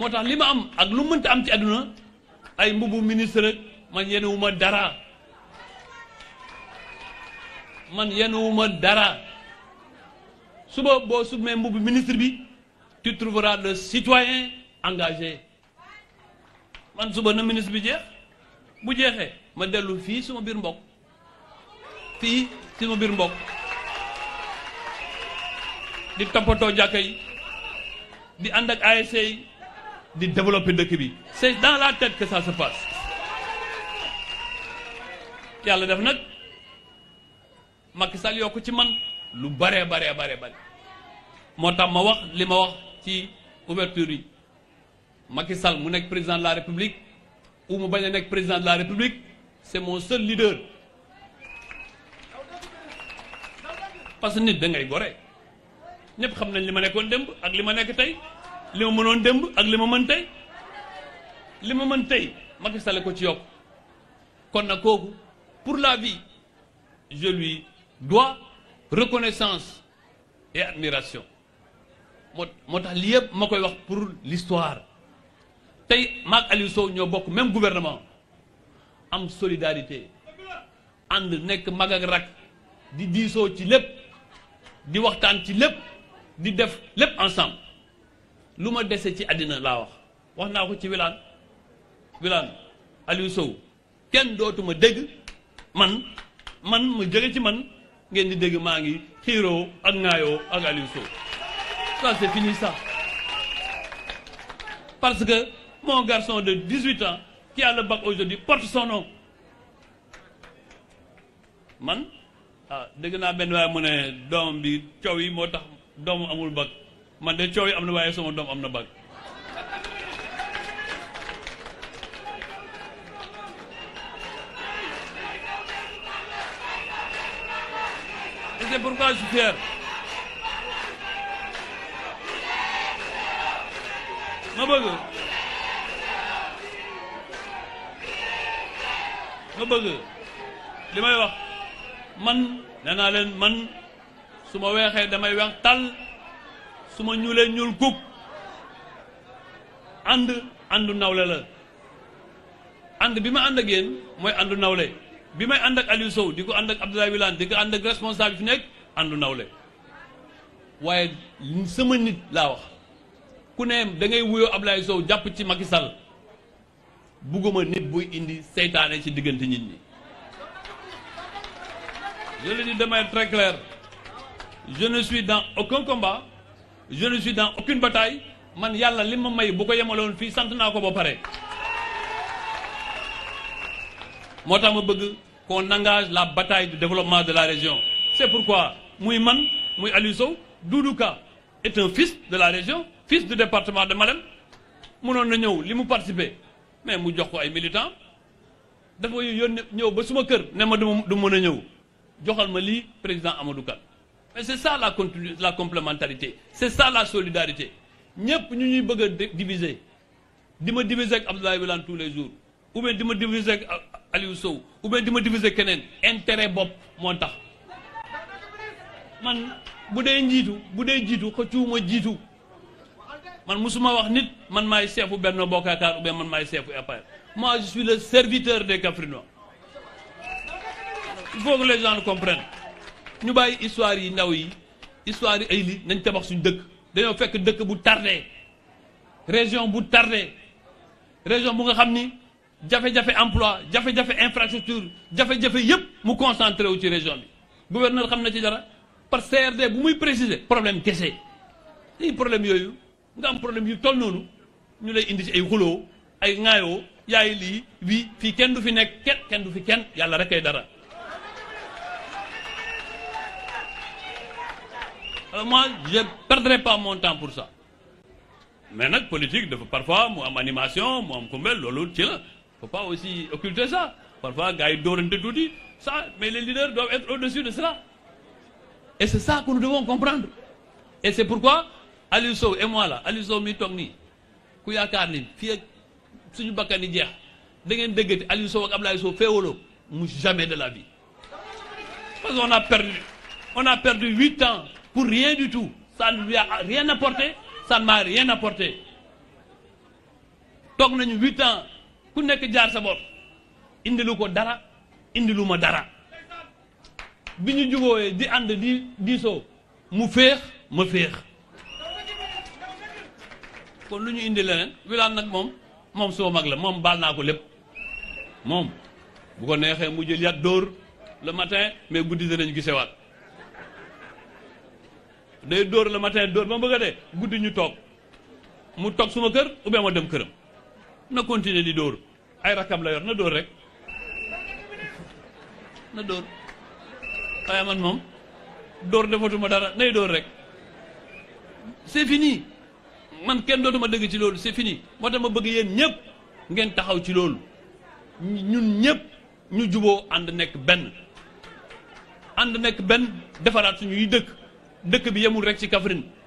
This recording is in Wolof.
moo tax li ma am ak lu mënta am ci àdduna ay mbubu ministre rek man yenewuma dara man yenewuma dara suba boo sumee mbubu ministre bi tu trouveras le citoyen engagé man suba na ministre bi jeex bu jeexee ma dellu fii suma biir mbokk fii suma biir mbokk di toppatoo jàkka yi di ànd ak ASC yi di développer dëkk bi c'est dans la tête que ça se passe yàlla def nag Macky Sall yokk ci man lu baree baree baree bare moo tax ma wax li ma wax ci ouverture yi Macky Sall mu nekk président de la République ou mu bañ a nekk président de la République c'est mon seul leader parce que nit da ngay gore ñëpp xam nañ li ma nekkoon démb ak li ma nekk tey li ma mënoon démb ak li ma mën tey li ma mën tey Macky ko ci yokk kon nag kooku pour la vie je lui dois reconnaissance et admiration moo moo tax li yëpp ma koy wax pour l'histoire tey maag Aliou Sow ñoo bokk même gouvernement am solidarité ànd nekk mag ak rak di diisoo ci lépp di waxtaan ci lépp di def lépp ensemble lu ma dese ci àddina laa wax wax naa ko ci wilaan wilaan Aliou Sow kenn dootuma dégg man man mu jóge ci man ngeen di dégg maa ngi xiiroo ak ŋaayoo ak Aliou Sow ça c'est fini ça parce que mon garçon de 18 ans qui a le bac aujourd'hui porte son man ah dégg naa benn waaye mu ne doomam bi coow yi moo tax doomu amul bac man de coow yi am na waaye suma doom am na baag et c'est pourquoi je suis ma bëgg ma bëgg li may wax man nee naa leen man su ma weexee damay weex tàll su ma ñuulee ñuul gug ànd àndu nawle la ànd bi ma ànd ak yéen mooy àndu nawle bi may ànd ak Aliou Sow di ko ànd ak Abdoulaye Wilane di ko ànd ak responsable fi nekk àndu nawle waaye sama nit laa wax ku ne dangay ngay wuyoo Abdoulaye Sow jàpp ci Macky Sall bugguma nit buy indi seytaane ci diggante nit ñi je le dis de manière très claire je je ne suis dans aucune bataille man yàlla li ma may bu ko yemaloon fii sant naa ko ba pare moo tax ma bëgg qu'on engage la bataille du développement de la région c'est pourquoi muy man muy Aliou Sow Doudou Ka est fils de la région fils du département de Malem mënoon na ñëw li mu participer mais mu jox ko ay militants dafa yónne ñëw ba suma kër ne ma du du mën a ñëw joxal ma lii président Amadou mais c'est ça la continu la complémentarité c'est ça la solidarité ñëpp ñu ñuy bëgg a diviser di ma diviser ak Abdoulaye Wilane tous les jours ou dima di ma diviser Aliou Sow ou dima di ma diviser keneen intérêt bopp moo tax man bu dee njiitu bu dee jiitu xëccuwuma jiitu man musuma wax nit man maay seefu Benno Bokk Yaakaar ou bien man maay seefu APR moi je suis le serviteur des Kaffrinois il faut que les gens le comprennent ñu bàyyi histoire yi ndaw yi histoire yi ay li nañ tabax suñu dëkk dañoo fekk dëkk bu tardé région bu tardé région bu nga xam ni jafe-jafe emploi jafe-jafe infrastructure jafe-jafe yépp mu concentré wu ci région bi gouverneur xam na ci dara par CRD bu muy préciser problème kese lii problème yooyu nga am problème yu toll noonu ñu lay indi ci ay xuloo ay ŋaayoo yaay lii wii fii kenn du fi nekk kenn kenn du fi kenn yàlla rek ay dara alors moi je perdrai pas mon temps pour ça mais nag politique dafa parfois mu am animation mu am xumbel loolu ci la faut pas aussi occulter ça parfois gars yi dóorante tuuti ça mais les leaders doivent être au-dessus de cela et c'est ça que nous devons comprendre et c'est pourquoi Aliou et moi là Aliou mi toog nii ku yaakaar ni fii ak suñu bakkan yi jeex da ngeen déggati Aliou Sow ak Ablaye mu jamais de la vie parce on a perdu huit ans pour rien du tout. Ça ne lui a rien apporté, ça ne m'a rien apporté. toog nañu huit ans ku nekk jaar sa bopp indilu ko dara indilu ma dara bi ñu jubóoyee di ànd di diisoo mu féex ma féex kon lu ñu indi leneen Wilane nag moom moom suma mag la moom baal naa ko lépp moom bu ko neexee mu jël yat dóor le matin mais guddi danañu gisewaat day dóor le matin dóor ba mu bëgg a guddi ñu toog mu toog suma kër ou ma dem këram na continuer di dóor ay rakam la yor na dóor rek na dóor waaye man moom dóor defatuma dara nay dóor rek c'est man kenn dootuma dëgg ci loolu c'est fini moo tax ma bëgg yéen ñëpp ngeen taxaw ci loolu ñun ñëpp ñu juboo ànd nekk benn ànd nekk benn defaraat yi dëkk dëkk bi yemul rek ci Kaffrine